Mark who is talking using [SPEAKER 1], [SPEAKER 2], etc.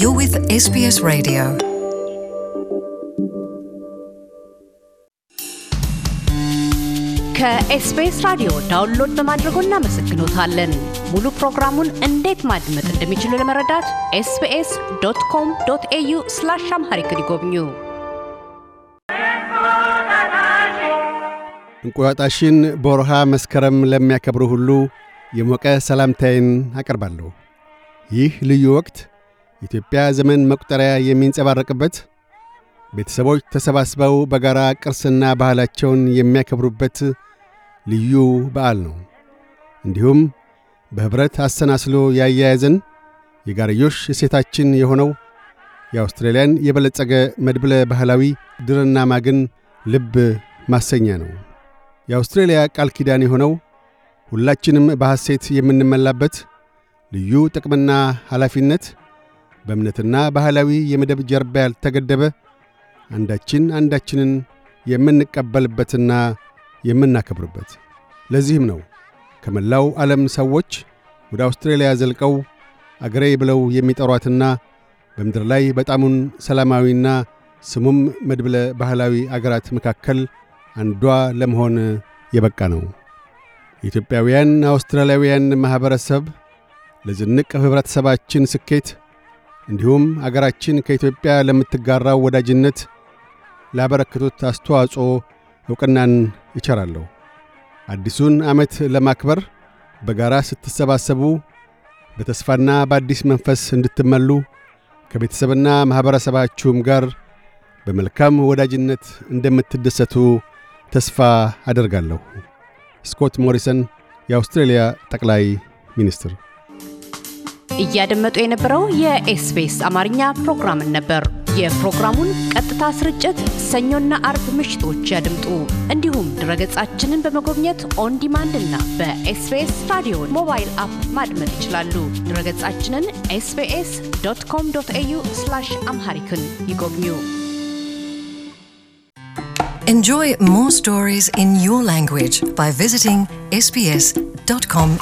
[SPEAKER 1] You're with SBS Radio.
[SPEAKER 2] ከኤስቢኤስ ራዲዮ ዳውንሎድ በማድረጎ እናመሰግኖታለን። ሙሉ ፕሮግራሙን እንዴት ማድመጥ እንደሚችሉ ለመረዳት ኤስቢኤስ ዶት ኮም ዶት ኤዩ ስላሽ አምሃሪክ ይጎብኙ።
[SPEAKER 1] እንቁጣጣሽን በወርሃ መስከረም ለሚያከብሩ ሁሉ የሞቀ ሰላምታዬን አቀርባለሁ። ይህ ልዩ ወቅት የኢትዮጵያ ዘመን መቁጠሪያ የሚንጸባረቅበት ቤተሰቦች ተሰባስበው በጋራ ቅርስና ባህላቸውን የሚያከብሩበት ልዩ በዓል ነው። እንዲሁም በኅብረት አሰናስሎ ያያያዘን የጋርዮሽ እሴታችን የሆነው የአውስትራሊያን የበለጸገ መድብለ ባህላዊ ድርና ማግን ልብ ማሰኛ ነው። የአውስትሬልያ ቃል ኪዳን የሆነው ሁላችንም በሐሴት የምንመላበት ልዩ ጥቅምና ኃላፊነት በእምነትና ባህላዊ የመደብ ጀርባ ያልተገደበ አንዳችን አንዳችንን የምንቀበልበትና የምናከብርበት። ለዚህም ነው ከመላው ዓለም ሰዎች ወደ አውስትራሊያ ዘልቀው አገሬ ብለው የሚጠሯትና በምድር ላይ በጣሙን ሰላማዊና ስሙም መድብለ ባህላዊ አገራት መካከል አንዷ ለመሆን የበቃ ነው። ኢትዮጵያውያን አውስትራሊያውያን ማኅበረሰብ ለዝንቅ ኅብረተሰባችን ስኬት እንዲሁም አገራችን ከኢትዮጵያ ለምትጋራው ወዳጅነት ላበረከቱት አስተዋጽኦ ዕውቅናን እቸራለሁ። አዲሱን ዓመት ለማክበር በጋራ ስትሰባሰቡ በተስፋና በአዲስ መንፈስ እንድትመሉ ከቤተሰብና ማኅበረሰባችሁም ጋር በመልካም ወዳጅነት እንደምትደሰቱ ተስፋ አደርጋለሁ። ስኮት ሞሪሰን የአውስትሬልያ ጠቅላይ ሚኒስትር
[SPEAKER 2] እያደመጡ የነበረው የኤስቢኤስ አማርኛ ፕሮግራምን ነበር። የፕሮግራሙን ቀጥታ ስርጭት ሰኞና አርብ ምሽቶች ያድምጡ። እንዲሁም ድረገጻችንን በመጎብኘት ኦን ዲማንድ እና በኤስቢኤስ ራዲዮ ሞባይል አፕ ማድመጥ ይችላሉ። ድረገጻችንን ኤስቢኤስ ዶት ኮም ዶት ኤዩ አምሃሪክን ይጎብኙ።
[SPEAKER 1] Enjoy more stories in your language by visiting sbs.com.au.